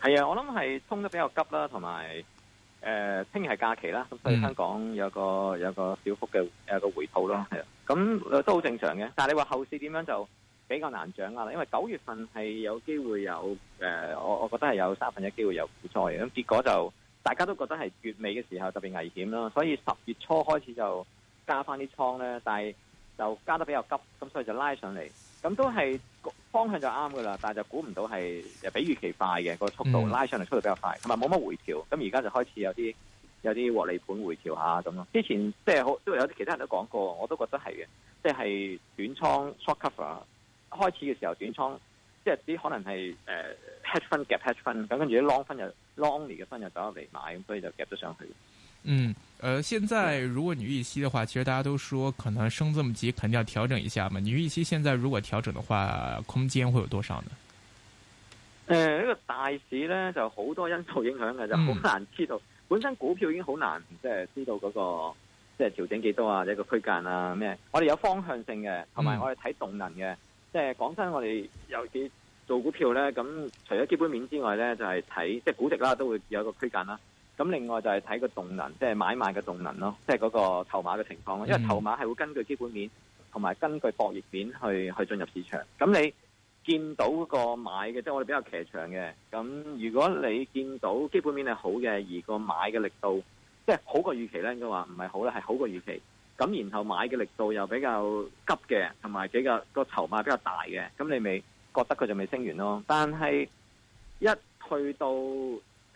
係啊，我諗係衝得比較急啦，同埋誒，聽日係假期啦，咁所以香港有個有個小幅嘅個回吐咯，係啊，咁、呃、都好正常嘅。但係你話後市點樣就比較難掌握啦，因為九月份係有機會有誒，我、呃、我覺得係有三分一機會有股災咁，結果就大家都覺得係月尾嘅時候特別危險啦，所以十月初開始就加翻啲倉咧，但係就加得比較急，咁所以就拉上嚟。咁都係方向就啱噶啦，但係就估唔到係比預期快嘅個速度拉上嚟速度比較快，同埋冇乜回調。咁而家就開始有啲有啲獲利盤回調下咁咯。之前即係好都有啲其他人都講過，我都覺得係嘅，即係短倉 short cover 開始嘅時候短倉，即係啲可能係 hedge fund 夾 hedge fund，咁跟住啲 long fund 又 long 嘅分又走嚟買，咁所以就夾咗上去。嗯。呃，現在如果你預期的話，其實大家都說可能升這麼急，肯定要調整一下嘛。你預期現在如果調整的話，空間會有多少呢？誒、呃，呢、這個大市咧就好多因素影響嘅，就好難知道、嗯。本身股票已經好難即係、就是、知道嗰、那個即係、就是、調整幾多啊，就是、一個區間啊咩。我哋有方向性嘅，同埋我哋睇動能嘅、嗯。即係講真，我哋尤其做股票咧，咁除咗基本面之外咧，就係睇即係估值啦，都會有一個區間啦。咁另外就係睇個動能，即係買賣嘅動能咯，即係嗰個籌碼嘅情況。因為籌碼係會根據基本面同埋根據博弈面去去進入市場。咁你見到個買嘅，即係我哋比較騎長嘅。咁如果你見到基本面係好嘅，而個買嘅力度即係好過預期咧，應該話唔係好咧，係好過預期。咁然後買嘅力度又比較急嘅，同埋比較個籌碼比較大嘅，咁你咪覺得佢就未升完咯？但係一去到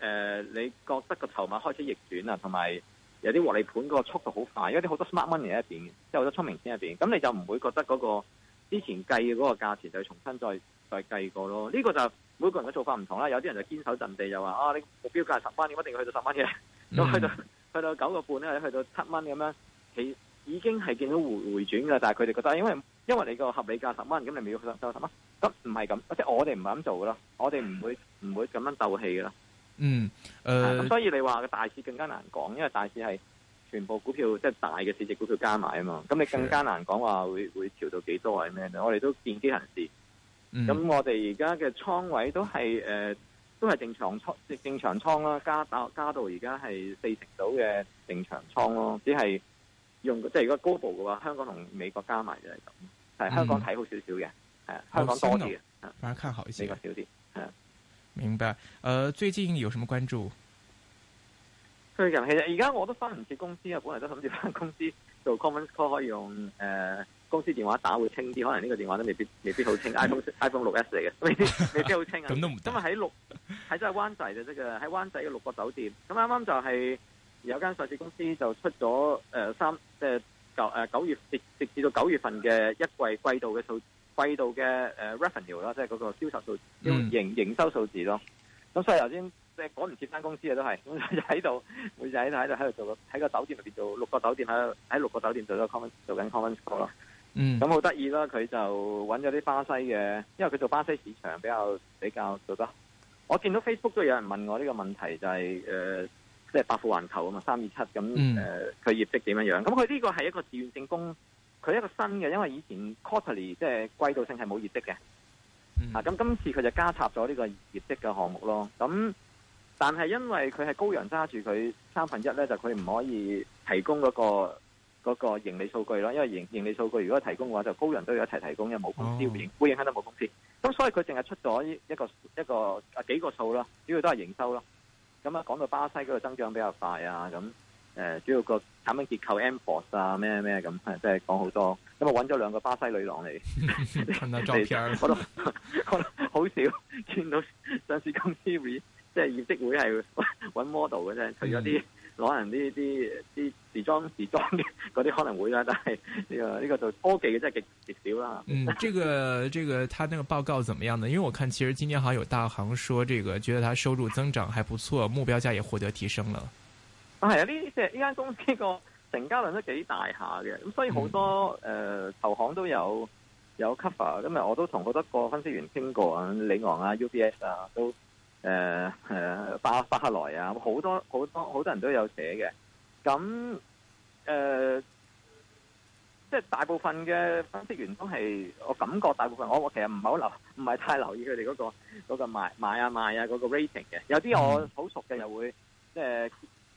誒、呃，你覺得個籌碼開始逆轉啊，同埋有啲獲利盤嗰個速度好快，因為啲好多 smart money 喺入邊，即係好多聰明錢喺入邊。咁你就唔會覺得嗰、那個之前計嘅嗰個價錢就要重新再再計過咯。呢、這個就每個人嘅做法唔同啦。有啲人就堅守陣地，就話啊，你目標價十蚊，你一定要去到十蚊嘅。咁、mm -hmm. 去到去到九個半咧，或者去到七蚊咁樣，其已經係見到回回轉噶。但係佢哋覺得因，因為因為你個合理價十蚊，咁你咪要去到十蚊。咁唔係咁，即係我哋唔係咁做噶咯。我哋唔會唔、mm -hmm. 會咁樣鬥氣噶啦。嗯，誒、呃，咁、啊、所以你話個大市更加難講，因為大市係全部股票，即、就、係、是、大嘅市值股票加埋啊嘛，咁你更加難講話會的會調到幾多啊？咩咧？我哋都見機行事。咁、嗯、我哋而家嘅倉位都係誒、呃，都係正常倉，正正常倉啦，加到加到而家係四成度嘅正常倉咯，只係用即係如果高度嘅話，香港同美國加埋就係，係香港睇好少少嘅，係、嗯、啊，香港多啲嘅、啊，反而看好一,一些，美國少、啊、啲，係。明白、呃，最近有什麼關注？最近其實，而家我都翻唔切公司啊，本來都諗住翻公司做 conference call，可以用誒、呃、公司電話打會清啲，可能呢個電話都未必未必好清 ，iPhone iPhone 六 S 嚟嘅，未必 未必好清啊。咁都唔得，今日喺六喺即係灣仔嘅啫嘅，喺灣仔嘅六個酒店，咁啱啱就係有間上市公司就出咗誒、呃、三，即、呃、係九誒九、呃、月直直至到九月份嘅一季季度嘅數據。季度嘅誒 revenue 啦，即係嗰個銷售數字營營收數字咯。咁所以頭先即係趕唔切翻公司嘅都係咁就喺度，佢就喺度喺度喺度做個喺個酒店入邊做六個酒店喺喺六個酒店做咗 conven 做緊 convention 咯。嗯，咁好得意啦，佢就揾咗啲巴西嘅，因為佢做巴西市場比較比較做得。我見到 Facebook 都有人問我呢個問題，就係誒即係百富環球啊嘛，三二七咁誒，佢、嗯呃、業績點樣樣？咁佢呢個係一個自願性工。佢一個新嘅，因為以前 Quarterly 即係季度性係冇業績嘅，啊咁今次佢就加插咗呢個業績嘅項目咯。咁但係因為佢係高陽揸住佢三分之一咧，就佢唔可以提供嗰、嗰個嗰個盈利數據咯。因為盈盈利數據如果提供嘅話，就高陽都要一齊提供，因為冇公司會影響、哦、會影響到冇公司。咁所以佢淨係出咗一個一個，一個啊幾個數啦，主要都係營收咯。咁啊講到巴西嗰個增長比較快啊咁。誒、呃，主要個產品結構 m b o s 啊，咩咩咁，即係講好多。咁、嗯、啊，揾咗兩個巴西女郎嚟。 看到照片啦。我都我都好少見到上市公司會，即係業績會係揾 model 嘅啫。除咗啲攞人啲啲啲時裝時裝啲嗰啲可能會啦，但係呢、這個呢、這個就科技嘅真係極極少啦。嗯，這個這個他那個報告怎麼樣呢？因為我看其實今年好像有大行說，這個覺得他收入增長還不錯，目標價也獲得提升了。啊，係啊！呢即係呢間公司個成交量都幾大下嘅，咁所以好多誒、呃、投行都有有 cover。咁啊，我都同好多個分析員傾過，李昂啊、UBS 啊，都誒誒巴巴克萊啊，好、啊、多好多好多人都有寫嘅。咁誒，即、呃、係、就是、大部分嘅分析員都係我感覺大部分我其實唔係好留，唔係太留意佢哋嗰個嗰、那個買買啊賣啊嗰個 rating 嘅。有啲我好熟嘅又會即係。呃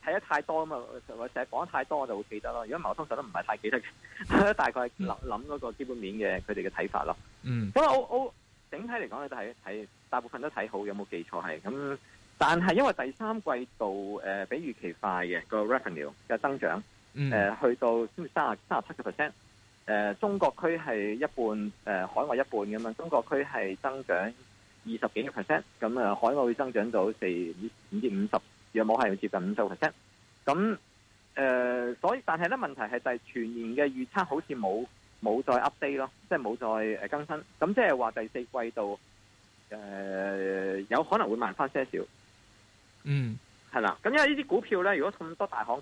睇得太多啊嘛，成日講得太多我就會記得咯。如果唔係，通常都唔係太記得嘅，大概諗諗嗰個基本面嘅佢哋嘅睇法咯。嗯，咁我我整體嚟講咧都係睇大部分都睇好，有冇記錯係咁？但係因為第三季度誒、呃、比預期快嘅、嘅個 revenue 嘅增長，誒、嗯呃、去到先三十三十七個 percent。誒中國區係一半，誒、呃、海外一半咁樣。中國區係增長二十幾個 percent，咁啊海外會增長到四五至五十。又冇係要接近五十 percent，咁誒，所以但係咧問題係就係、是、全年嘅預測好似冇冇再 update 咯，即係冇再誒更新。咁即係話第四季度誒、呃、有可能會慢翻些少。嗯，係啦。咁因為呢啲股票咧，如果咁多大行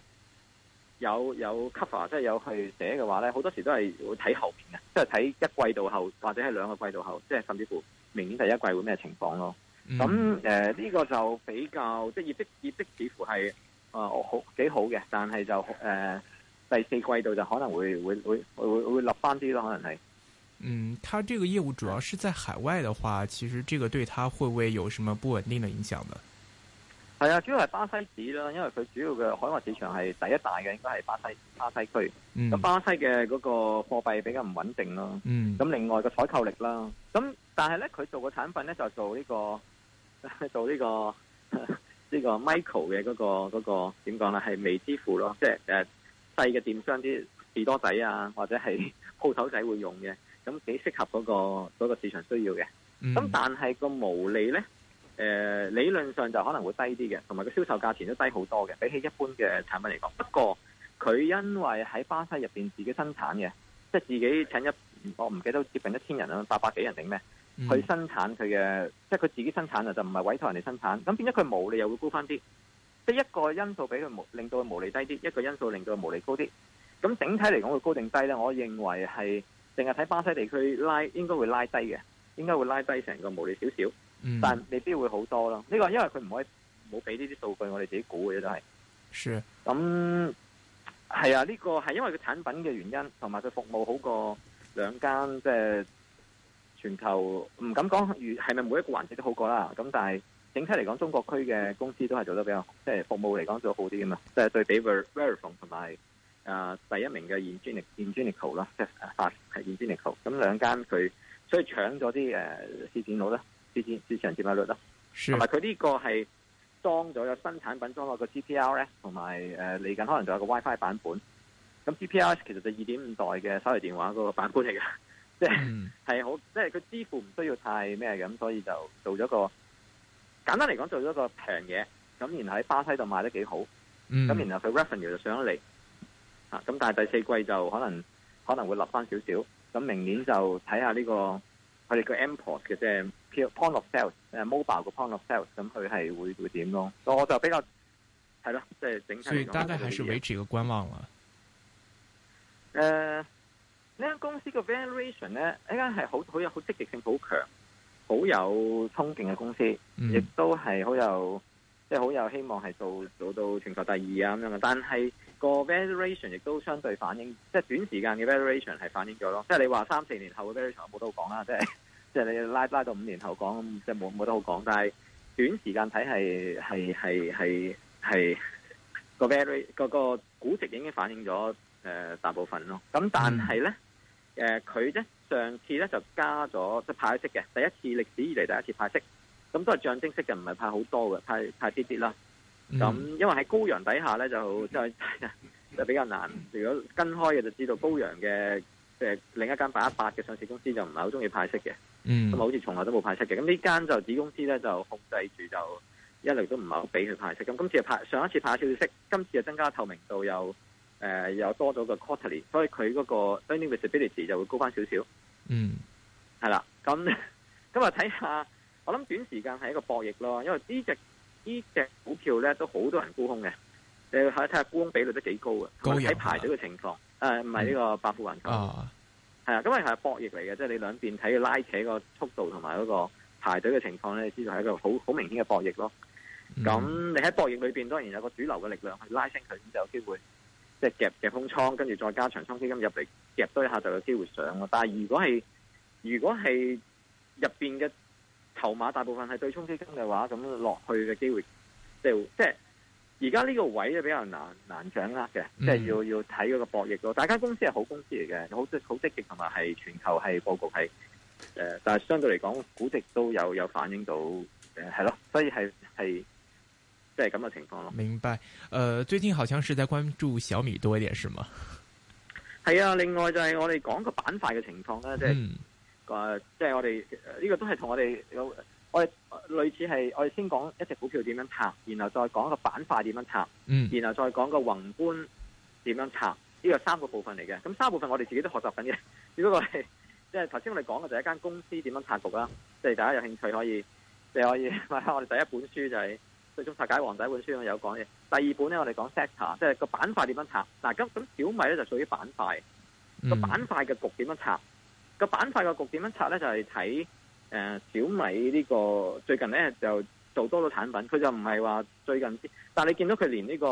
有有 cover，即係有去寫嘅話咧，好多時都係會睇後邊嘅，即係睇一季度後或者係兩個季度後，即係甚至乎明年第一季會咩情況咯。咁誒呢個就比較即係、就是、業績業績似乎係誒、呃、好幾好嘅，但係就誒、呃、第四季度就可能會會會會會落翻啲咯，可能係。嗯，佢呢個業務主要是在海外嘅話，其實呢個對佢會唔會有什麼不穩定嘅影響呢？係啊，主要係巴西市啦，因為佢主要嘅海外市場係第一大嘅，應該係巴西巴西區。咁、嗯、巴西嘅嗰個貨幣比較唔穩定咯。咁、嗯、另外一個採購力啦，咁但係咧佢做個產品咧就做呢、這個。做呢、這個呢、這個 Michael 嘅嗰、那個嗰、那個點講咧，係微支付咯，即係誒、呃、細嘅店商啲士多仔啊，或者係鋪頭仔會用嘅，咁幾適合嗰、那個那個市場需要嘅。咁但係個毛利咧，誒、呃、理論上就可能會低啲嘅，同埋個銷售價錢都低好多嘅，比起一般嘅產品嚟講。不過佢因為喺巴西入邊自己生產嘅，即係自己請一，我唔記得接近一千人啊，八百幾人定咩？佢、嗯、生產佢嘅，即係佢自己生產啊，就唔係委託人哋生產。咁變咗佢毛利又會高翻啲，即係一個因素俾佢毛，令到佢毛利低啲；一個因素令到佢毛利高啲。咁整體嚟講，佢高定低咧？我認為係淨係睇巴西地區拉，應該會拉低嘅，應該會拉低成個毛利少少、嗯。但未必會好多咯。呢、這個因為佢唔可以冇俾呢啲數據，我哋自己估嘅都係。咁、就、係、是嗯、啊？呢、這個係因為佢產品嘅原因，同埋佢服務好過兩間即係。就是全球唔敢講，如係咪每一個環節都好過啦？咁但係整體嚟講，中國區嘅公司都係做得比較即係、就是、服務嚟講做得好啲嘅嘛。即、就、係、是、對比 Verifone 同埋誒、呃、第一名嘅 Ingenico 啦，即係發係 Ingenico。咁兩間佢所以搶咗啲誒市佔率啦，市佔市場佔有率啦，同埋佢呢個係裝咗有新產品，裝落個 GPR 咧，同埋誒嚟緊可能仲有個 WiFi 版本。咁 GPR 其實就二點五代嘅手提電話嗰個版本嚟㗎。即係係好，即係佢支付唔需要太咩咁，所以就做咗個簡單嚟講，做咗個平嘢。咁然後喺巴西度賣得幾好，咁、嗯、然後佢 revenue 就上咗嚟。啊，咁但係第四季就可能可能會立翻少少。咁明年就睇下呢、這個佢哋個 import 嘅即係 point of sales 誒 mobile 嘅 point of sales，咁佢係會會點咯？我我就比較係咯，即係、就是、整體的。所以大概還是維持一個觀望啦。誒、呃。呢間公司個 valuation 咧，呢間係好好有好積極性好強，好有衝勁嘅公司，亦、嗯、都係好有即係好有希望係做做到全球第二啊咁樣。但係個 valuation 亦都相對反映，即係短時間嘅 valuation 係反映咗咯。即係你話三四年後嘅 valuation 冇得好講啦，即係即係你拉拉到五年後講，即係冇冇得好講。但係短時間睇，係係係係係個 valuation 嗰，那個那個估值已經反映咗誒、呃、大部分咯。咁但係咧？嗯誒佢咧上次咧就加咗即係派息嘅，第一次歷史以嚟第一次派息，咁都係象徵式嘅，唔係派好多嘅，派派啲啲啦。咁、嗯、因為喺高陽底下咧，就即係即係比較難。如果跟開嘅就知道高陽嘅、呃、另一間八一八嘅上市公司就唔係好中意派息嘅，咁、嗯、好似從來都冇派息嘅。咁呢間就子公司咧就控制住就一律都唔係好俾佢派息。咁今次就派上一次派少少息，今次就增加透明度又。誒、呃、又多咗個 quarterly，所以佢嗰個 earning visibility 就會高翻少少。嗯，係啦，咁咁啊睇下，我諗短時間係一個博弈咯，因為呢隻呢隻股票咧都好多人沽空嘅。誒，你睇下沽空比率都幾高嘅，睇排隊嘅情況。誒、嗯、唔係呢個百富環球。係、哦、啊，咁啊係博弈嚟嘅，即、就、係、是、你兩邊睇拉扯個速度同埋嗰個排隊嘅情況咧，你知道係一個好好明顯嘅博弈咯。咁、嗯、你喺博弈裏面，當然有個主流嘅力量去拉升佢，咁就有機會。即係夾夾空倉，跟住再加長倉基金入嚟夾多一下就有機會上咯。但係如果係如果係入邊嘅籌碼大部分係對沖基金嘅話，咁落去嘅機會即係即係而家呢個位咧比較難難掌握嘅，即係要要睇嗰個博弈咯。大家公司係好公司嚟嘅，好積好積極同埋係全球係布局係誒、呃，但係相對嚟講估值都有有反映到誒係咯，所以係係。即係咁嘅情況咯。明白，誒、呃，最近好像是在關注小米多一點，是嗎？係啊，另外就係我哋講個板塊嘅情況啦。即係誒，即、就、係、是、我哋呢、這個都係同我哋我哋類似係我哋先講一隻股票點樣拆，然後再講個板塊點樣拆、嗯，然後再講個宏觀點樣拆，呢、這個三個部分嚟嘅。咁三部分我哋自己都學習緊嘅。只不過係即係頭先我哋講嘅就係、是、一間公司點樣拆局啦，即、就、係、是、大家有興趣可以，即係可以買我哋第一本書就係、是。最終拆解《王仔本書》有講嘢，第二本咧我哋講 sector，即係個板塊點樣拆。嗱咁咁小米咧就屬於板塊，個板塊嘅局點樣拆？個、嗯、板塊嘅局點樣拆咧？就係睇誒小米呢、這個最近咧就做多咗產品，佢就唔係話最近先，但係你見到佢連呢、這個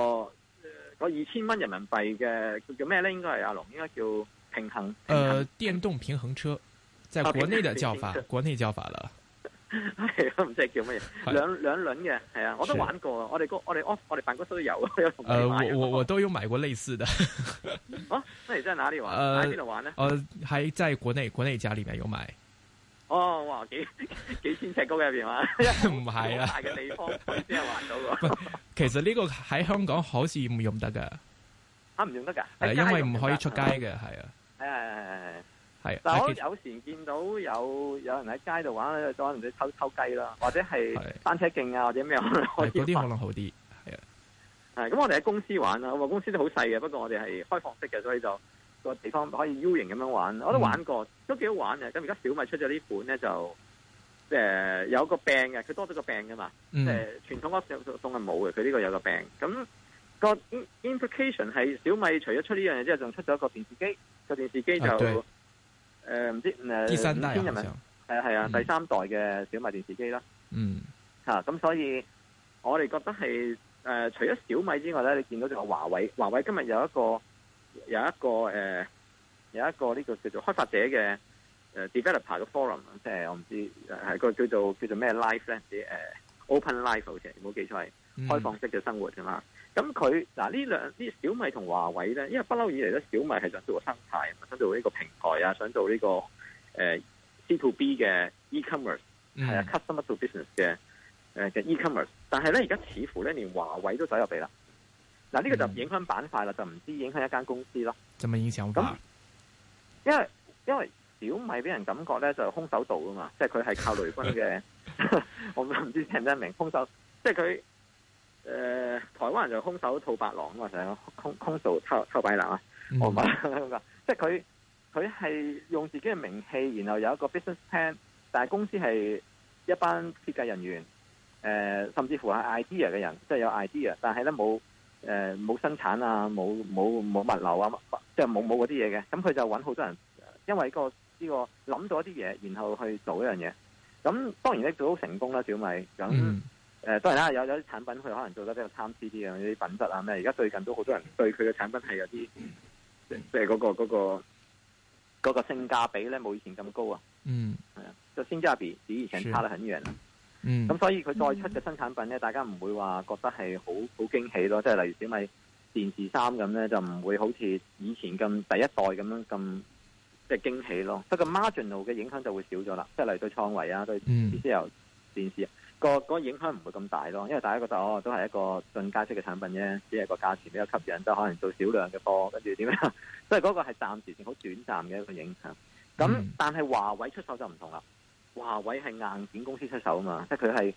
個二千蚊人民幣嘅叫咩咧？應該係阿龍，應該叫平衡。誒、呃，電動平衡車，在國內嘅叫法，國內叫法啦。係都唔知係叫乜嘢，兩兩輪嘅係啊，我都玩過。我哋哥，我哋我、哦、我哋辦公室都有，有同、呃、我我,我都有買過類似嘅。哦、 啊，即係喺邊度玩咧？誒、呃，喺喺、呃呃、國內國內家裏面有買。哦，哇，幾幾千尺高入邊玩？唔係啊，大嘅地方、 啊、先有玩到。 其實呢個喺香港好似唔用得噶。啊，唔用得噶、啊？因為唔可以出街嘅，係、嗯、啊。係係係係。嗯嗯嗯嗯嗯嗯係， 但係我有時見到有人在有人喺街度玩咧，都可能啲偷偷雞啦，或者係單車徑啊，或者咩？嗰啲 可能好啲，係啊，係咁 我哋喺公司玩啦，我公司都好細嘅，不過我哋係開放式嘅，所以就個地方可以 U 型咁樣玩，我都玩過，嗯、都幾好玩嘅。咁而家小米出咗呢款咧，就即誒、呃、有個病嘅，佢多咗個病㗎嘛，誒、呃嗯、傳統嗰隻送係冇嘅，佢呢個有個病。咁個 i implication 係小米除咗出呢樣嘢之後，仲出咗個電視機，個電視機就，啊誒、呃，唔知誒，五天係係啊，第三代嘅、呃、小米電視機啦。嗯。吓、啊，咁所以我哋覺得係誒、呃，除咗小米之外咧，你見到仲有華為。華為今日有一個有一個誒，有一個呢、呃、個，個叫做開發者嘅誒，developer 嘅 forum，即係我唔知係個叫做叫做咩 life 咧，啲誒 open life 好似，冇記錯係開放式嘅生活啫嘛。咁佢嗱呢兩啲小米同華為咧，因為不嬲以嚟咧，小米係想做個生態，想做呢個平台啊，想做呢、這個誒、呃、C to B 嘅 e commerce，係、嗯、啊 customer to business 嘅誒嘅 e commerce 但。但係咧而家似乎咧，連華為都走入嚟啦。嗱呢個就影響板塊啦，就唔知影響一間公司咯。就咪影響咁，因為因為小米俾人感覺咧就是、空手道㗎嘛，即係佢係靠雷軍嘅， 我唔知聽唔聽明空手，即係佢。誒、呃，台灣人就空手套白狼啊嘛，成日空空手抽抽白狼啊，我唔係咁講，即係佢佢係用自己嘅名氣，然後有一個 business plan，但係公司係一班設計人員，誒、呃，甚至乎係 idea 嘅人，即係有 idea，但係咧冇誒冇生產啊，冇冇冇物流啊，即係冇冇嗰啲嘢嘅，咁佢就揾好多人，因為個呢個諗咗一啲嘢，然後去做一樣嘢，咁當然咧做好成功啦，啊，小米咁。誒、呃，當然啦，有有啲產品佢可能做得比較參差啲啊，啲品質啊咩，而家最近都好多人對佢嘅產品係有啲即係嗰個嗰、那個、那個那個性價比咧冇以前咁高啊，嗯，係啊，就性價比比以前差得很遠啦，嗯，咁所以佢再出嘅新產品咧，大家唔會話覺得係、嗯、好好驚喜咯，即係例如小米電視三咁咧，就唔會好似以前咁第一代咁樣咁即係驚喜咯，不過 marginal 嘅影響就會少咗啦，即係嚟到創維啊，對 TCL、嗯，呢些由電視。個、那個影響唔會咁大咯，因為大家覺得哦，都係一個進階式嘅產品啫，只係個價錢比較吸引，即係可能做少量嘅貨，跟住點樣？即係嗰個係暫時性好短暫嘅一個影響。咁但係華為出手就唔同啦，華為係硬件公司出手啊嘛，即係佢係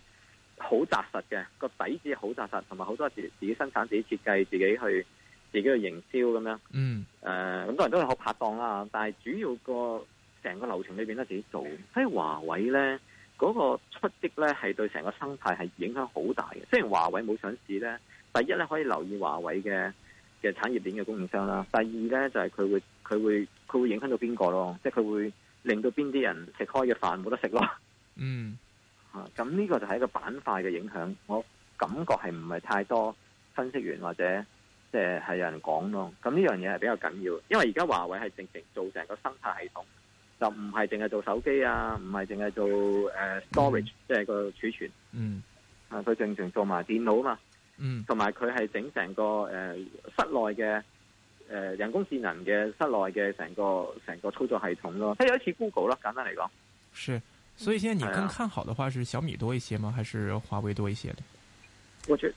好扎實嘅，個底子好扎實，同埋好多時自己生產、自己設計、自己去、自己去營銷咁樣。嗯、呃，誒，咁多人都係好拍檔啦，但係主要個成個流程裏邊都係自己做。所以華為咧。嗰、那個出擊咧，係對成個生態系影響好大嘅。雖然華為冇上市咧，第一咧可以留意華為嘅嘅產業鏈嘅供應商啦。第二咧就係、是、佢會佢會佢會影響到邊個咯？即係佢會令到邊啲人食開嘅飯冇得食咯。嗯，嚇、啊，咁呢個就係一個板塊嘅影響。我感覺係唔係太多分析員或者即係係有人講咯。咁呢樣嘢係比較緊要，因為而家華為係正正做成個生態系統。就唔係淨係做手機啊，唔係淨係做誒、呃、storage、嗯、即係個儲存。嗯，啊佢正常做埋電腦嘛。嗯，同埋佢係整成個誒、呃、室內嘅誒、呃、人工智能嘅室內嘅成個成個操作系統咯。即有一次 Google 啦，簡單嚟講。是，所以現在你更看好的話，嗯是啊，是小米多一些嗎？還是華為多一些？我覺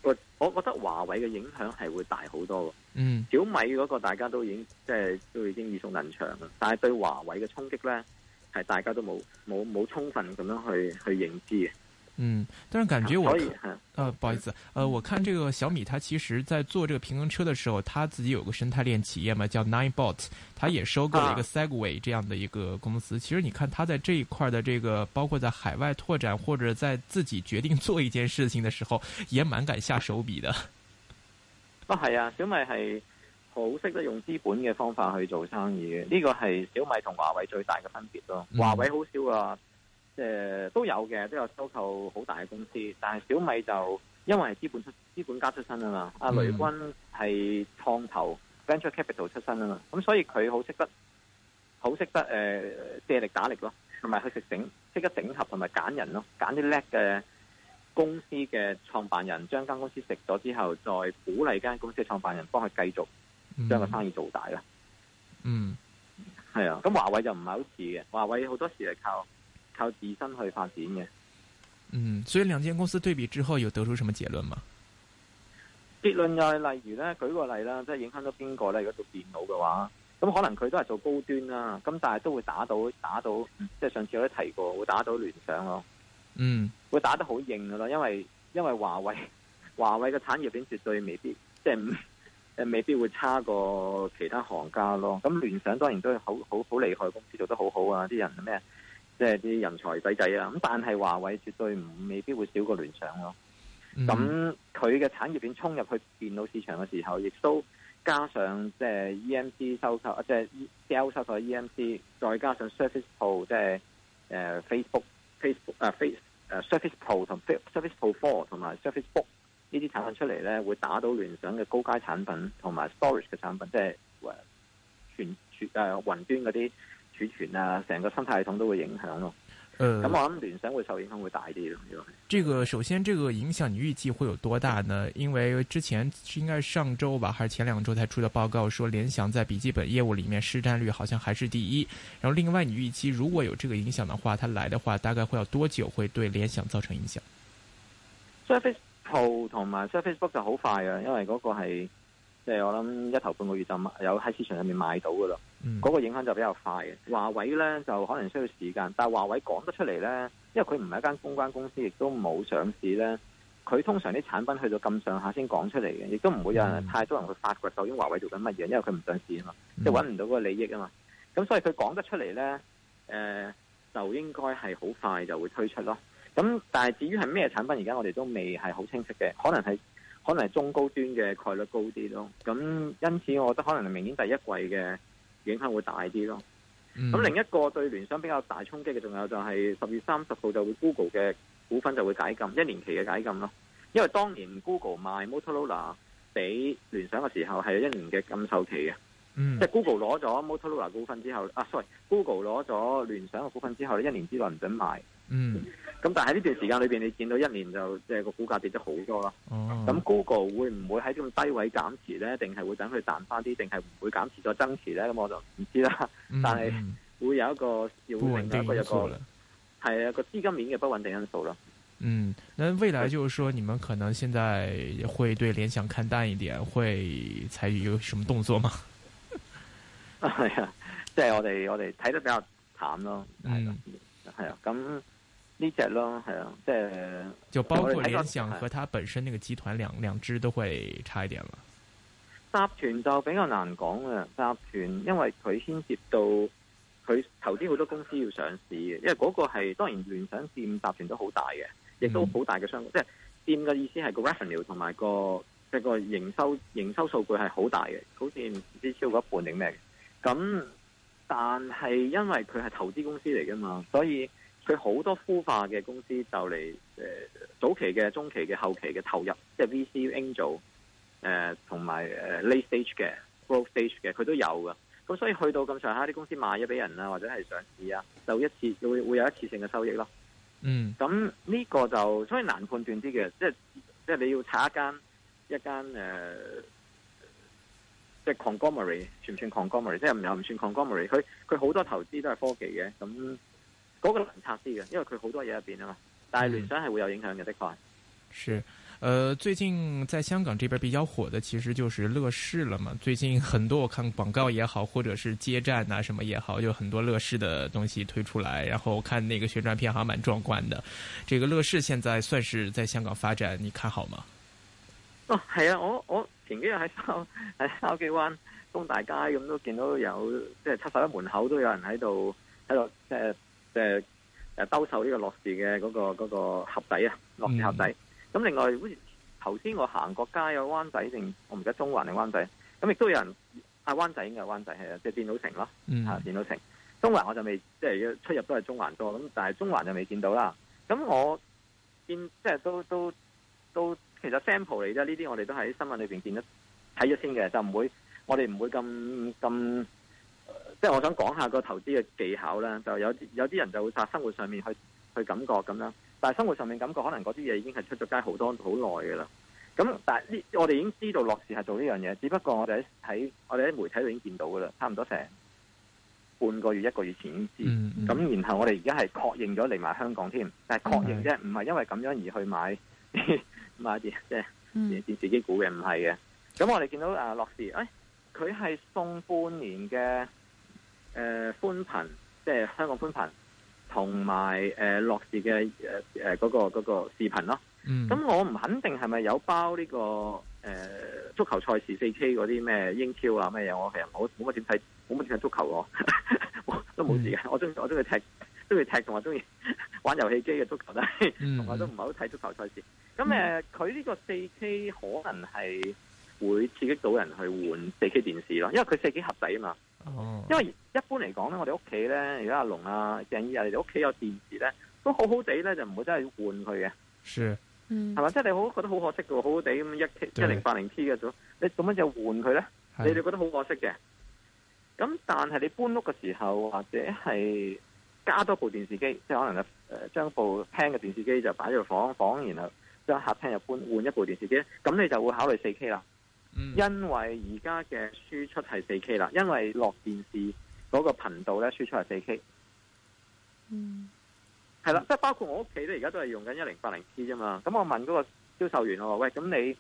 得華為嘅影響係會大好多。嗯，小米嗰個大家都已經即係都已經耳熟能詳啦，但係對華為嘅衝擊呢係大家都冇冇冇充分咁樣去去認知嘅。嗯，但是感覺我呃，不好意思，呃，我看這個小米，它其實在做這個平衡車的時候，它自己有個生態鏈企業嘛，叫 Ninebot，它也收購了一個 Segway 這樣的一個公司。其實你看，它在這一塊的這個，包括在海外拓展或者在自己決定做一件事情的時候，也蠻敢下手筆的。不、啊、係啊，小米係好識得用資本嘅方法去做生意嘅，呢、這個係小米同華為最大嘅分別咯、嗯。華為好少啊。誒、呃、都有嘅，都有收購好大嘅公司，但係小米就因為係資本出資本家出身啊嘛，阿雷軍係創投 venture capital 出身啊嘛，咁、呃、所以佢好識得好識得誒、呃、借力打力咯，同埋佢識整識得整合同埋揀人咯，揀啲叻嘅公司嘅創辦人，將間公司食咗之後，再鼓勵間公司嘅創辦人幫佢繼續將個生意做大啦、mm -hmm.。嗯，係、嗯、啊，咁華為就唔係好似嘅，華為好多時係靠。靠自身去發展嘅，嗯，所以兩間公司對比之後，有得出什麼結論嗎？結論就係、是、例如咧，舉個例啦，即係影響到邊個咧？如果做電腦嘅話，咁可能佢都係做高端啦，咁但係都會打到打到、打到，即係上次我都提過，會打到聯想咯，嗯，會打得好硬噶咯，因為因為華為華為嘅產業鏈絕對未必即係誒，未必會差過其他行家咯。咁聯想當然都係好好好厲害公司，做得好好啊，啲人咩？即係啲人才底底啊！咁但係華為絕對唔未必會少過聯想咯。咁佢嘅產業鏈衝入去電腦市場嘅時候，亦都加上即係 EMC 收購啊，即係 Dell 收購的 EMC，再加上 Surface Pro 即係誒 Facebook Facebook 啊、uh, Face 誒、uh, Surface Pro 同 Surface Pro Four 同埋 Surface Book 呢啲產品出嚟咧，會打到聯想嘅高階產品同埋 Storage 嘅產品，即係、全、全、呃、雲端嗰啲。儲存啊，成個生態系統都會影響咯。誒、嗯，咁我諗聯想會受影響會大啲咯。這個首先，這個影響你預計會有多大呢？嗯、因為之前應該上周吧，還是前兩周才出的報告，說聯想在筆記本業務裏面市佔率好像還是第一。然後另外，你預期如果有這個影響的話，它來的話，大概會要多久會對聯想造成影響？Surface Pro 同埋 Surface Book 就好快啊，因為嗰個係即係我諗一頭半個月就有喺市場裏面買到噶啦。嗰、嗯，那個影響就比較快嘅，華為呢，就可能需要時間，但係華為講得出嚟呢，因為佢唔係一間公關公司，亦都冇上市，呢佢通常啲產品去到咁上下先講出嚟嘅，亦都唔會有人太多人去發掘究竟華為做緊乜嘢，因為佢唔上市啊嘛，嗯、即係揾唔到嗰個利益啊嘛，咁所以佢講得出嚟呢、呃，就應該係好快就會推出咯。咁但係至於係咩產品，而家我哋都未係好清晰嘅，可能係可能係中高端嘅概率高啲咯。咁因此，我覺得可能係明年第一季嘅。影響會大啲咯。咁另一個對聯想比較大衝擊嘅，仲有就係十月三十號就會 Google 嘅股份就會解禁，一年期嘅解禁咯。因為當年 Google 賣 Motorola 俾聯想嘅時候，係一年嘅禁售期嘅。嗯，即係 Google 攞咗 Motorola 股份之後，啊，sorry，Google 攞咗聯想嘅股份之後呢，一年之內唔准賣。嗯，咁但係呢段時間裏邊，你見到一年就即係個股價跌咗好多咯、哦。嗯，咁 Google 會唔會喺咁低位減持咧？定係會等佢彈翻啲？定係唔會減持再增持咧？咁我就唔知啦。但係會有一個要明白一個係一個資金面嘅不穩定因素咯。嗯，那未來就是說，你們可能現在會對聯想看淡一點，會採取一個什麼動作嗎？係 啊，即係我哋我哋睇得比較淡咯。嗯，係啊，咁呢隻咯，係啊，即係就包括聯想和它本身呢個集團兩兩隻都會差一點啦。集團就比較難講嘅集團，團因為佢牽涉到佢投資好多公司要上市嘅，因為嗰個係當然聯想店習習習習習很大的。集團都好大嘅，亦都好大嘅商，即係店嘅意思係個 revenue 同埋，個即係，個營收營收數據係好大嘅，好似唔知超過一半定咩咁，但係因為佢係投資公司嚟噶嘛，所以佢好多孵化嘅公司就嚟，誒、呃、早期嘅、中期嘅、後期嘅投入，即係 V C、Angel，誒同埋誒 Late Stage 嘅、Growth Stage 嘅，佢都有噶。咁所以去到咁上下啲公司賣咗俾人啊，或者係上市啊，就一次會會有一次性嘅收益咯。嗯，咁呢個就所以難判斷啲嘅，即係即係你要查一間一間誒。呃 conglomerate 算唔算 conglomerate，即係又唔算 conglomerate，佢佢好多投資都係科技嘅，咁嗰個都難測啲嘅，因為佢好多嘢入邊啊嘛。但係聯想係會有影響嘅，嗯，的確。是，呃，最近在香港這邊比較火的其實就是樂視了嘛。最近很多我看廣告也好，或者是街站啊什麼也好，有很多樂視的東西推出來。然後我看那個宣傳片，還蠻壯觀的。這個樂視現在算是在香港發展，你看好嗎？哦，係啊，我我。前幾日喺筲喺筲箕灣東大街，咁都見到有即係七十一門口都有人喺度喺度即係即係兜售呢個樂視嘅嗰個盒仔啊，樂視盒仔。咁另外好似頭先我行過街啊，灣仔定我唔記得，中環定灣仔，咁亦都有人喺灣仔，應該係灣仔係，嗯、啊，即係電腦城咯嚇電腦城。中環我就未即係，就是，出入都係中環多，咁但係中環就未見到啦。咁我見即係都都都。都都其實 sample 嚟啫，呢啲我哋都喺新聞裏邊見得睇咗先嘅，就唔會我哋唔會咁咁，即係、就是、我想講下個投資嘅技巧啦。就有有啲人就會喺生活上面去去感覺咁樣，但係生活上面感覺可能嗰啲嘢已經係出咗街好多好耐噶啦。咁但係我哋已經知道樂視係做呢樣嘢，只不過我哋喺喺我哋喺媒體度已經見到噶啦，差唔多成半個月一個月前已經知，咁、嗯嗯、然後我哋而家係確認咗嚟埋香港添，但係確認啫，唔、嗯、係因為咁樣而去買。 買啲即係電視自己估嘅，唔係嘅。咁我哋見到啊，樂視，哎，佢係送半年嘅誒、呃、寬頻，即係香港寬頻，同埋誒樂視嘅誒誒嗰個嗰、嗰個視頻咯。咁、嗯、我唔肯定係咪有包呢、呢個誒、呃、足球賽事四 K 嗰啲咩英超啊咩嘢？我其實冇冇乜點睇，冇乜點睇足球喎， 都冇事嘅。我鍾意我鍾意踢。中意踢同埋中意玩遊戲機嘅足球也、嗯、還有都係，同埋都唔係好睇足球賽事。咁誒，佢、嗯、呢個四 K 可能係會刺激到人去換四 K 電視咯，因為佢四 K 合體啊嘛、哦。因為一般嚟講咧，我哋屋企咧，如果阿龍啊、鄭二啊，你哋屋企有電視咧，都好好地咧，就唔會真係換佢嘅。是，嗯，係咪？即、就、係、是、你好覺得好可惜嘅喎，好好地咁一 K 一零八零 P 嘅啫，你做乜就換佢咧？你哋覺得好可惜嘅。咁但係你搬屋嘅時候，或者係。加多部電視機，即係可能誒，將部廳嘅電視機就擺咗入房房，然後將客廳又搬換一部電視機，咁、呃、你就會考慮四 K 啦。因為而家嘅輸出係四 K 啦，因為落電視嗰個頻道咧，輸出係四 K。嗯，係啦，即係包括我屋企咧，而家都係用緊一零八零 P 啫嘛。咁我問嗰個銷售員我話，喂，咁你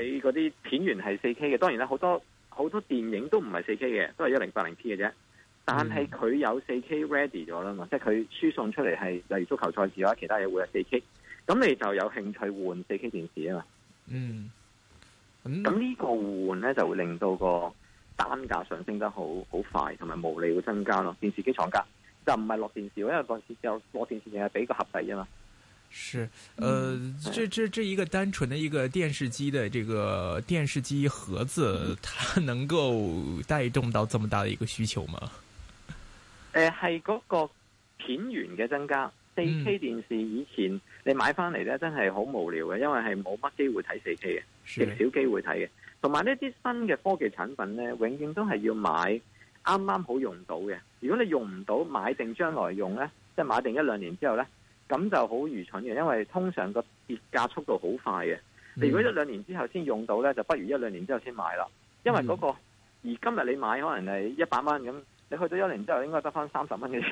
你嗰啲片源係四 K 嘅，當然啦，好多好多電影都唔係四 K 嘅，都係一零八零 P 嘅啫。但係佢有四 K ready 咗啦嘛，嗯、即係佢輸送出嚟，係例如足球賽事啊、其他嘢會有四 K，咁你就有興趣換四 K 電視啊嘛。嗯、咁、嗯、呢個換咧就會令到個單價上升得好好快，同埋毛利會增加咯。電視機廠價就唔係落電視，因為個時視落電視係俾個盒仔啫嘛。是，呃、嗯、這這、啊、這一個單純的一個電視機的這個電視機盒子，嗯、它能夠帶動到這麼大的一個需求嗎？誒、呃，係嗰個片源嘅增加。四 K 電視以前你買翻嚟咧，真係好無聊嘅，因為係冇乜機會睇四 K 嘅，極少機會睇嘅。同埋呢啲新嘅科技產品咧，永遠都係要買啱啱好用到嘅。如果你用唔到，買定將來用咧，即、就、係、是、買定一兩年之後咧，咁就好愚蠢嘅，因為通常個跌價速度好快嘅。你如果一兩年之後先用到咧，就不如一兩年之後先買啦。因為嗰、那個、嗯、而今日你買可能係一百蚊咁。你去咗一年之後應該得返三十蚊嘅啫，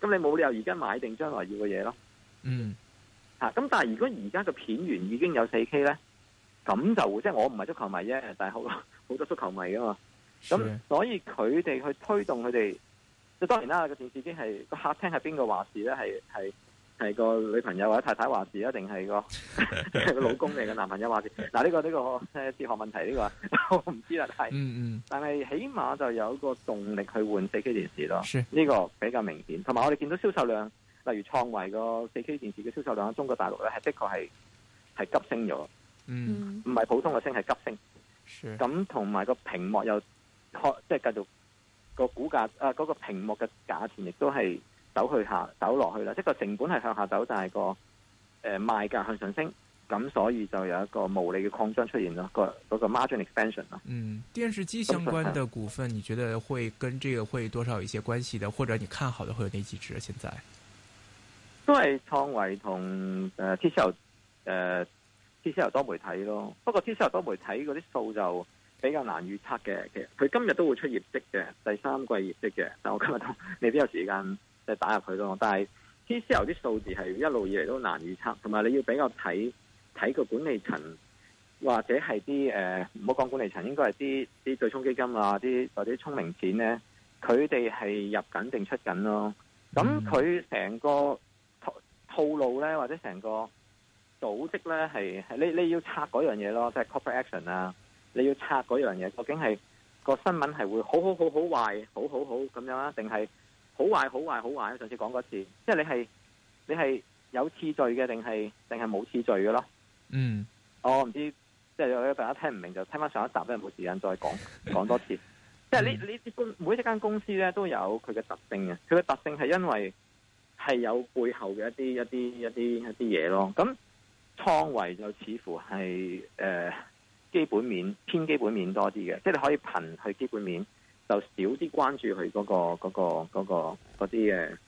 咁 你冇理由而家買定將來要嘅嘢咯。嗯，咁、啊、但係如果而家個片源已經有 4K 咧，咁就即係我唔係足球迷啫，但係好好多足球迷噶、啊、嘛。咁所以佢哋去推動佢哋，即當然啦，個電視機係個客廳係邊個話事咧？係。係個女朋友或者太太話事，啊，定係個老公嚟個男朋友話事。嗱 呢、啊呢個呢、呢個哲學問題呢、呢個，我唔知啦。係，嗯嗯，但係起碼就有個動力去換四 K 電視咯。呢、呢個比較明顯。同埋我哋見到銷售量，例如創維個四 K 電視嘅銷售量喺中國大陸咧，係的確係係急升咗。嗯，唔係普通嘅升，係急升。咁同埋個屏幕又，即係繼續、個股價啊，嗰、嗰個屏幕嘅價錢亦都係。走去下走落去啦，即個成本係向下走，但係個誒賣價向上升，咁所以就有一個無理嘅擴張出現咯，個、嗰個 margin expansion 啦。嗯，電視機相關的股份，你覺得會跟這個會多少有一些關係的？或者你看好的會有哪幾隻？現在都係創維同誒 TCL 誒、呃、TCL 多媒體咯。不過 TCL 多媒體嗰啲數就比較難預測嘅。其實佢今日都會出業績嘅，第三季業績嘅。但我今日都未必有時間。即係打入去咯，但係 TCL 啲數字係一路以嚟都難預測，同埋你要比較睇睇個管理層，或者係啲誒唔好講管理層，應該係啲啲對沖基金啊，啲或者啲聰明錢咧，佢哋係入緊定出緊咯。咁佢成個套路咧，或者成個組織咧，係你你要拆嗰樣嘢咯，即係 corporate action 啊，你要拆嗰樣嘢，究竟係個新聞係會好好好好壞，好好好咁樣啊，定係？好壞，好壞，好壞。上次講嗰次，即係你係你係有次序嘅，定係定係冇次序嘅咯？嗯，我、oh, 唔知道，即係大家聽唔明白就聽翻上一集啦，冇時間再講講多次。嗯、即係呢呢啲公，每一間公司咧都有佢嘅特性嘅，佢嘅特性係因為係有背後嘅一啲一啲一啲一啲嘢咯。咁倉位就似乎係誒、呃、基本面偏基本面多啲嘅，即係你可以憑去基本面。就少啲關注佢嗰、嗰個嗰、嗰個嗰、嗰個啲嘅、嗰個，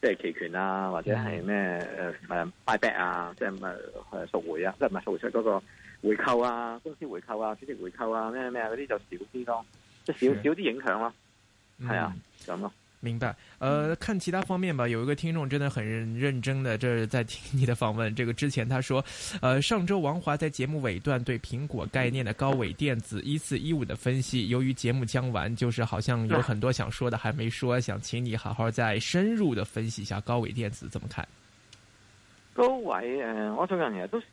即係期權啊，或者係咩誒誒、yeah. 呃、buy back 啊，即係唔係誒贖回啊，即係唔係贖出嗰個回購啊，公司回購啊，主席回購啊，咩咩嗰啲就少啲咯，即係少少啲影響咯，係啊，咁、sure. 咯、啊。Mm-hmm. 明白，呃，看其他方面吧。有一個聽眾真的很認，認真的，這是在聽你的訪問。這個之前他說，呃，上周王華在節目尾段對蘋果概念的高偉電子一四一五的分析，由於節目將完，就是好像有很多想說的還沒說，想請你好好再深入的分析一下高偉電子怎麼看。高偉，呃，我最近其實都少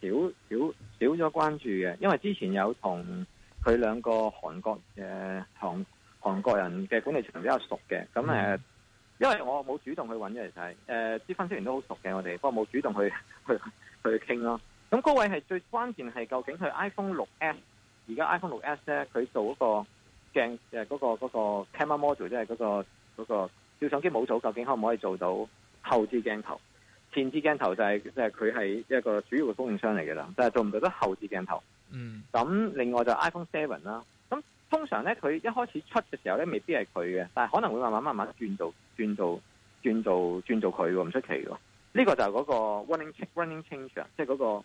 少少咗關注嘅，因為之前有同佢兩個韓國嘅同。呃韓國人嘅管理層比較熟嘅，咁誒、嗯，因為我冇主動去揾佢哋睇，誒、呃、啲分析員都好熟嘅我哋，不過冇主動去去去傾咯。咁嗰位係最關鍵係究竟佢 iPhone 六 S 而家 iPhone 六 S 咧，佢做嗰個鏡誒嗰、呃嗰個 camera、嗰個、module，即係嗰、嗰個嗰個照相機模組，究竟可唔可以做到後置鏡頭？前置鏡頭就係即係佢係一個主要嘅供應商嚟嘅啦，就係做唔到得後置鏡頭。嗯，咁另外就係 iPhone seven 啦。通常咧，佢一開始出嘅時候咧，未必係佢嘅，但係可能會慢慢慢慢轉到轉到轉到轉到佢喎，唔出奇嘅。呢、這個就係嗰個 running change，即係嗰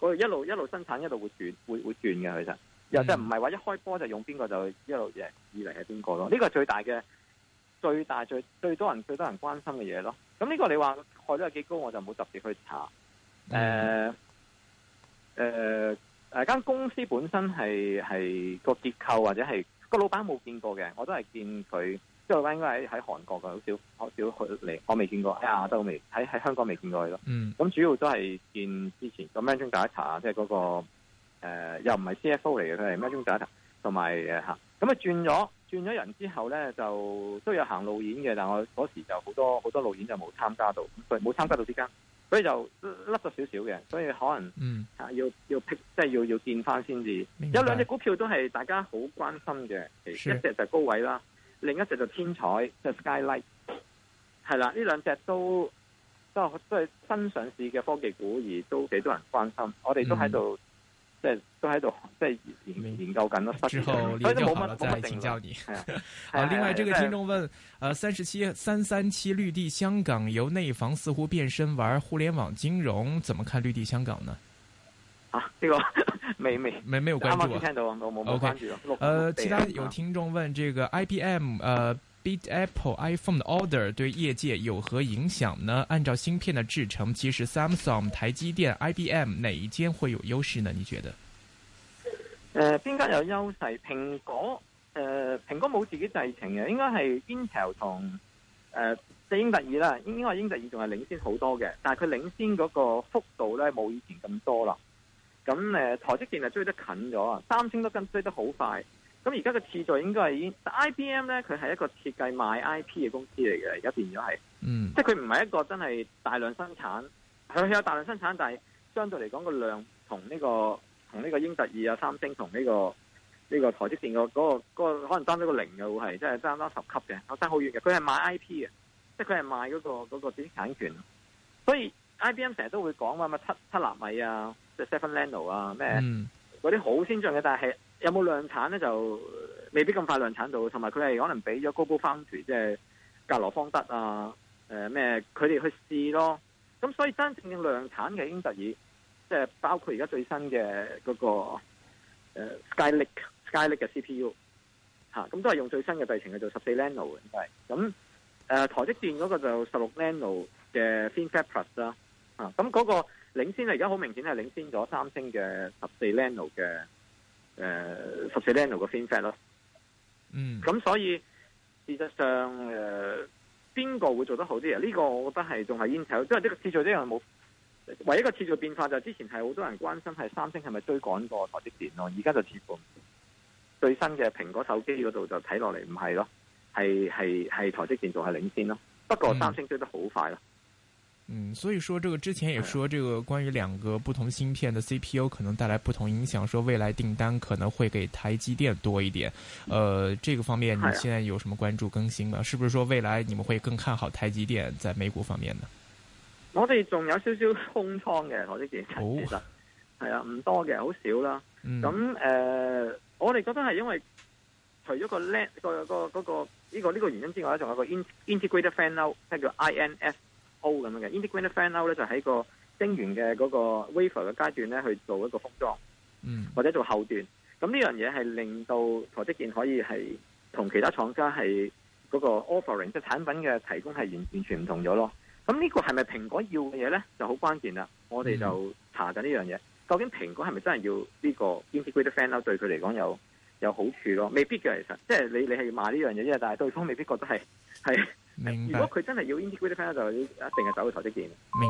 個一路一路生產一路會轉會會轉嘅，其實又即係唔係話一開波就用邊個就一路贏以嚟係邊個咯。呢個係最大嘅最大最最多人最多人關心嘅嘢咯。咁呢個你話概率有幾高，我就冇特別去查。誒、嗯、誒。呃呃誒、呃、間公司本身係係個結構或者係個老闆冇見過嘅，我都係見佢，即係老闆應該喺喺韓國嘅，好少好少去嚟，我未見過。哎呀，都未喺喺香港未見過佢咯。嗯，咁主要都係見之前 Data，那個 Managing Data 啊，即係嗰個又唔係 C F O 嚟嘅，佢係 Managing Data 同埋誒嚇。咁、呃、啊轉咗轉咗人之後咧，就都有行路演嘅，但係我嗰時就好多好多路演就冇參加到，佢冇參加到呢間。所以就甩咗少少嘅，所以可能要要劈，即係要要見翻先至。有兩隻股票都係大家好關心嘅，其實一隻就高位啦，另一隻就天彩，就 Sky Light，係啦，呢兩隻都都都係新上市嘅科技股，而都幾多人關心，我哋都喺度。即係都喺度，即係研研究緊咯。之後研究好了再請教你。好、 啊，另外這個聽眾問，呃，三十七三三七綠地香港由內房似乎變身玩互聯網金融，怎麼看綠地香港呢？啊，這個沒沒沒沒有關注。聽到，沒我沒有關注。Okay, 呃，其他有聽眾問這個 IBM，呃。Bid Apple iPhone 的 order 對業界有何影響呢？按照芯片嘅製程，其實 Samsung 台積電、IBM 哪一間會有優勢呢？你覺得？誒、呃，邊間有優勢？蘋果誒、呃，蘋果冇自己製程嘅，應該係 Intel 同誒英特爾啦、呃。應該英特爾仲係領先好多嘅，但係佢領先嗰個幅度咧冇以前咁多啦。咁誒、呃、台積電係追得近咗啊，三星都跟追得好快。咁而家嘅次序應該係已經，I B M 咧，佢係一個設計賣 I P 嘅公司嚟嘅，而家變咗係，嗯，即係佢唔係一個真係大量生產，係有大量生產，但係相對嚟講量、這個量同呢個同呢個英特爾啊、三星同呢、這個呢、這個台積電、那個嗰、那個可能爭咗個零嘅會係，即係爭多十級嘅，爭好遠嘅。佢係賣 I P 嘅，即係佢係賣嗰個嗰、那個知識產權。所以 I B M 成日都會講話，乜七七納米啊，即係 seven nano 啊，咩嗰啲好先進嘅，但係。有冇量產咧？就未必咁快量產到，同埋佢係可能俾咗 GlobalFoundries，即係格羅方德啊，誒、呃、咩？佢哋去試咯。咁所以真正量產嘅英特爾，即、就、係、是、包括而家最新嘅嗰、那個誒、呃、Skylake Skylake 嘅 CPU，吓、啊、咁都係用最新嘅製程去做十四 nano 嘅，咁、啊、誒、呃、台積電嗰個就十六 nano 嘅 FinFET Plus 啦、啊，啊咁嗰個領先啊，而家好明顯係領先咗三星嘅十四 nano 嘅。誒、呃，十四 nano 個芯片咯，嗯，咁所以事實上誒，邊、呃、個會做得好啲啊？呢、這個我覺得係仲係 Intel，因為呢個次序呢樣冇唯一一個次序變化，就係之前係好多人關心係三星係咪追趕過台積電咯、啊，而家就似乎最新嘅蘋果手機嗰度就睇落嚟唔係咯，係，係係台積電仲係領先咯，不過三星追得好快咯。嗯嗯，所以說這個之前也說這個關於兩個不同芯片的 CPU 可能帶來不同影響，說未來訂單可能會給台積電多一點。呃，這個方面你現在有什麼關注更新嗎？是、啊、是不是說未來你們會更看好台積電在美股方面呢？我哋仲有少少空倉嘅台積電，其實係、哦、啊，唔多嘅，好少啦。咁、嗯、誒、呃，我哋覺得係因為除咗個 len 個個個呢個呢個原因之外，仲有個 integrated fan out，即係叫 INF。O、哦、咁樣嘅 Integrated Fan Out 咧，就喺個晶圓嘅嗰個 Wafer 嘅階段咧，去做一個封裝，嗯，或者做後段。咁呢樣嘢係令到台積電可以係同其他廠家係嗰個 Offering，即係產品嘅提供係完完全唔同咗咯。咁呢個係咪蘋果要嘅嘢咧？就好關鍵啦。我哋就查緊呢樣嘢，究竟蘋果係咪真係要呢個 Integrated Fan Out 對佢嚟講有有好處咯？未必嘅其實，即係你你係要買呢樣嘢因為，但係對方未必覺得係係。如果佢真係要 integrate 翻，就一定係走個投資線。